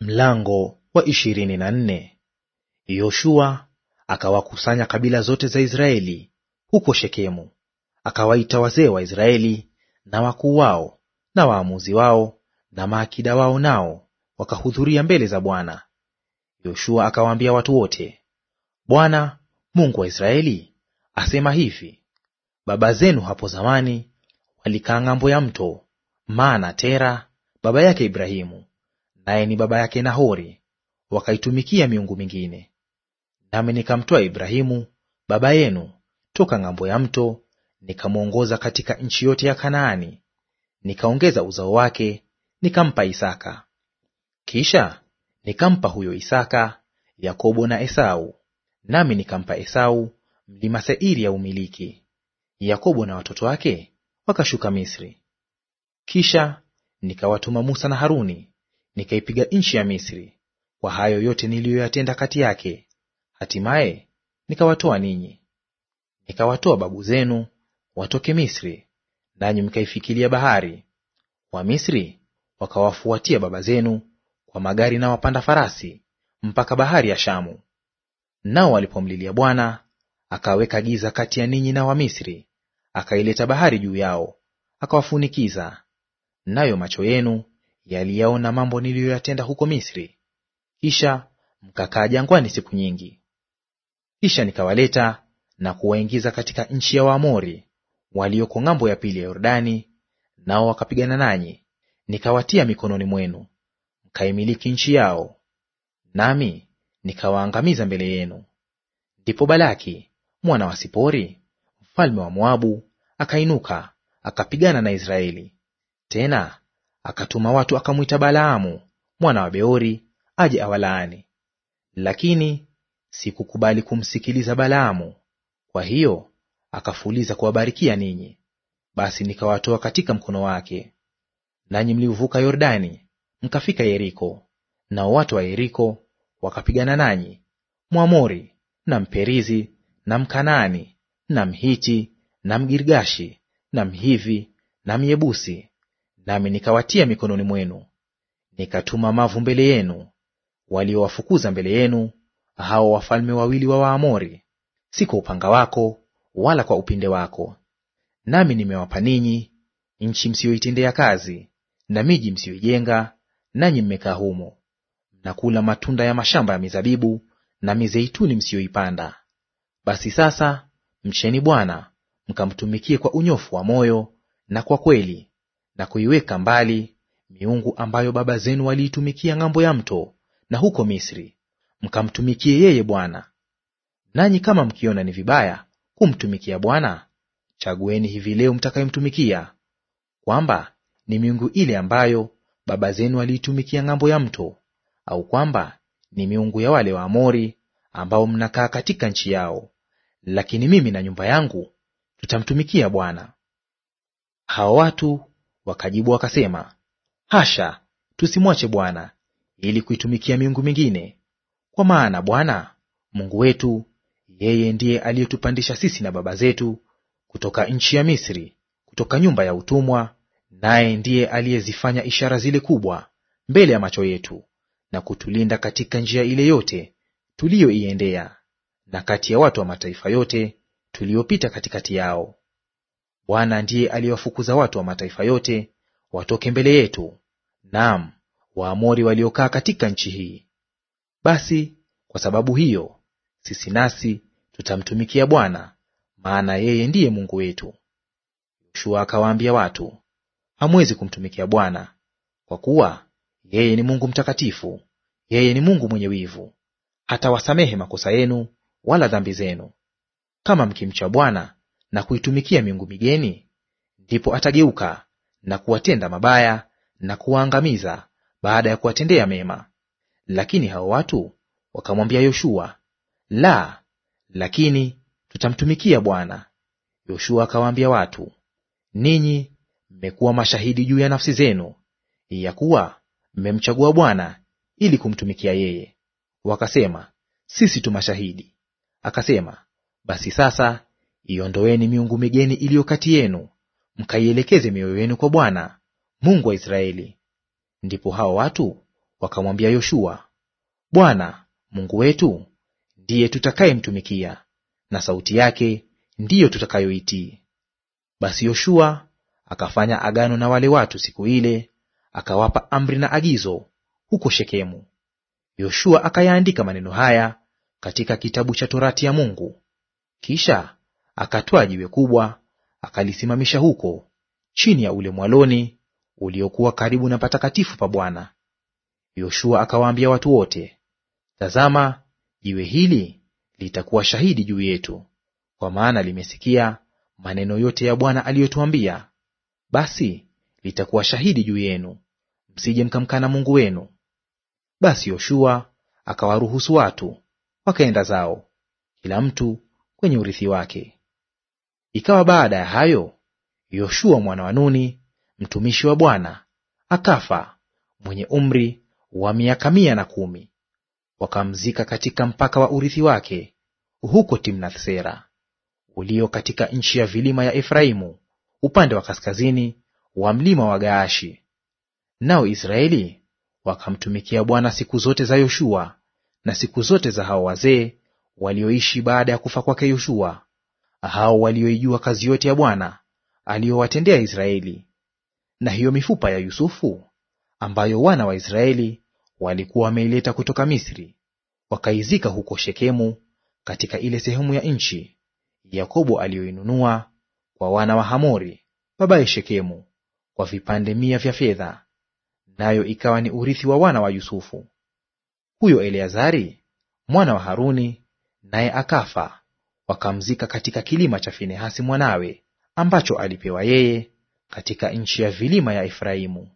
Mlango wa ishirini na nne. Yoshua akawakusanya kabila zote za Israeli huko Shekemu, akawaita wazee wa Israeli na wakuu wao na waamuzi wao na maakida wao, nao wakahudhuria mbele za Bwana. Yoshua akawaambia watu wote, Bwana Mungu wa Israeli asema hivi, baba zenu hapo zamani walikaa ng'ambo ya mto, maana Tera baba yake Ibrahimu naye ni baba yake Nahori, wakaitumikia miungu mingine. Nami nikamtoa Ibrahimu baba yenu toka ng'ambo ya mto, nikamwongoza katika nchi yote ya Kanaani, nikaongeza uzao wake, nikampa Isaka. Kisha nikampa huyo Isaka Yakobo na Esau, nami nikampa Esau mlima Seiri ya umiliki. Yakobo na watoto wake wakashuka Misri. Kisha nikawatuma Musa na Haruni nikaipiga nchi ya Misri kwa hayo yote niliyoyatenda kati yake, hatimaye nikawatoa ninyi. Nikawatoa babu zenu watoke Misri, nanyi mkaifikilia bahari. Wamisri wakawafuatia baba zenu kwa magari na wapanda farasi mpaka bahari ya Shamu. Nao walipomlilia Bwana, akaweka giza kati ya ninyi na Wamisri, akaileta bahari juu yao, akawafunikiza. Nayo macho yenu yaliyaona mambo niliyoyatenda huko Misri, kisha mkakaa jangwani siku nyingi. Kisha nikawaleta na kuwaingiza katika nchi ya Waamori walioko ng'ambo ya pili ya Yordani, nao wakapigana nanyi, nikawatia mikononi mwenu, mkaimiliki nchi yao, nami nikawaangamiza mbele yenu. Ndipo Balaki mwana wa Sipori mfalme wa Moabu akainuka akapigana na Israeli, tena akatuma watu akamwita Balaamu mwana wa Beori aje awalaani. Lakini sikukubali kumsikiliza Balaamu, kwa hiyo akafuliza kuwabarikia ninyi. Basi nikawatoa katika mkono wake. Nanyi mliuvuka Yordani mkafika Yeriko, nao watu wa Yeriko wakapigana nanyi, Mwamori na Mperizi na Mkanaani na Mhiti na Mgirgashi na Mhivi na Myebusi nami nikawatia mikononi mwenu, nikatuma mavu mbele yenu, waliowafukuza mbele yenu hao wafalme wawili wa Waamori, si kwa upanga wako wala kwa upinde wako. Nami nimewapa ninyi nchi msiyoitendea kazi na miji msiyoijenga, nanyi mmekaa humo, mnakula matunda ya mashamba ya mizabibu na mizeituni msiyoipanda. Basi sasa mcheni Bwana, mkamtumikie kwa unyofu wa moyo na kwa kweli, na kuiweka mbali miungu ambayo baba zenu waliitumikia ng'ambo ya mto na huko Misri, mkamtumikie yeye Bwana. Nanyi kama mkiona ni vibaya kumtumikia Bwana, chagueni hivi leo mtakayemtumikia, kwamba ni miungu ile ambayo baba zenu waliitumikia ng'ambo ya mto, au kwamba ni miungu ya wale Waamori ambao mnakaa katika nchi yao; lakini mimi na nyumba yangu tutamtumikia Bwana. Hao watu Wakajibu wakasema, Hasha, tusimwache Bwana ili kuitumikia miungu mingine, kwa maana Bwana Mungu wetu yeye ndiye aliyetupandisha sisi na baba zetu kutoka nchi ya Misri, kutoka nyumba ya utumwa, naye ndiye aliyezifanya ishara zile kubwa mbele ya macho yetu, na kutulinda katika njia ile yote tuliyoiendea, na kati ya watu wa mataifa yote tuliyopita katikati yao. Bwana ndiye aliyewafukuza watu wa mataifa yote watoke mbele yetu, naam, Waamori waliokaa katika nchi hii. Basi kwa sababu hiyo sisi nasi tutamtumikia Bwana, maana yeye ndiye Mungu wetu. Yoshua akawaambia watu, hamwezi kumtumikia Bwana, kwa kuwa yeye ni Mungu mtakatifu, yeye ni Mungu mwenye wivu; hatawasamehe makosa yenu wala dhambi zenu. Kama mkimcha Bwana na kuitumikia miungu migeni, ndipo atageuka na kuwatenda mabaya na kuwaangamiza baada ya kuwatendea mema. Lakini hao watu wakamwambia Yoshua, la, lakini tutamtumikia Bwana. Yoshua akawaambia watu, ninyi mmekuwa mashahidi juu ya nafsi zenu ya kuwa mmemchagua Bwana ili kumtumikia yeye. Wakasema, sisi tu mashahidi. Akasema, basi sasa Iondoeni miungu migeni iliyo kati yenu, mkaielekeze mioyo yenu kwa Bwana Mungu wa Israeli. Ndipo hao watu wakamwambia Yoshua, Bwana Mungu wetu ndiye tutakayemtumikia, na sauti yake ndiyo tutakayoitii. Basi Yoshua akafanya agano na wale watu siku ile, akawapa amri na agizo huko Shekemu. Yoshua akayaandika maneno haya katika kitabu cha Torati ya Mungu, kisha akatwaa jiwe kubwa akalisimamisha huko chini ya ule mwaloni uliokuwa karibu na patakatifu pa Bwana. Yoshua akawaambia watu wote, Tazama, jiwe hili litakuwa shahidi juu yetu, kwa maana limesikia maneno yote ya Bwana aliyotuambia. Basi litakuwa shahidi juu yenu, msije mkamkana Mungu wenu. Basi Yoshua akawaruhusu watu wakaenda zao, kila mtu kwenye urithi wake. Ikawa baada ya hayo, Yoshua mwana wa Nuni mtumishi wa Bwana akafa mwenye umri wa miaka mia na kumi. Wakamzika katika mpaka wa urithi wake huko timnathsera ulio katika nchi ya vilima ya Efraimu upande wa kaskazini wa mlima wa Gaashi. Nao Israeli wakamtumikia Bwana siku zote za Yoshua na siku zote za hao wazee walioishi baada ya kufa kwake Yoshua hao walioijua kazi yote ya Bwana aliyowatendea Israeli, na hiyo mifupa ya Yusufu ambayo wana wa Israeli walikuwa wameileta kutoka Misri, wakaizika huko Shekemu katika ile sehemu ya nchi Yakobo aliyoinunua kwa wana wa Hamori babaye Shekemu kwa vipande mia vya fedha, nayo ikawa ni urithi wa wana wa Yusufu. Huyo Eleazari mwana wa Haruni naye akafa wakamzika katika kilima cha Finehasi mwanawe, ambacho alipewa yeye katika nchi ya vilima ya Efraimu.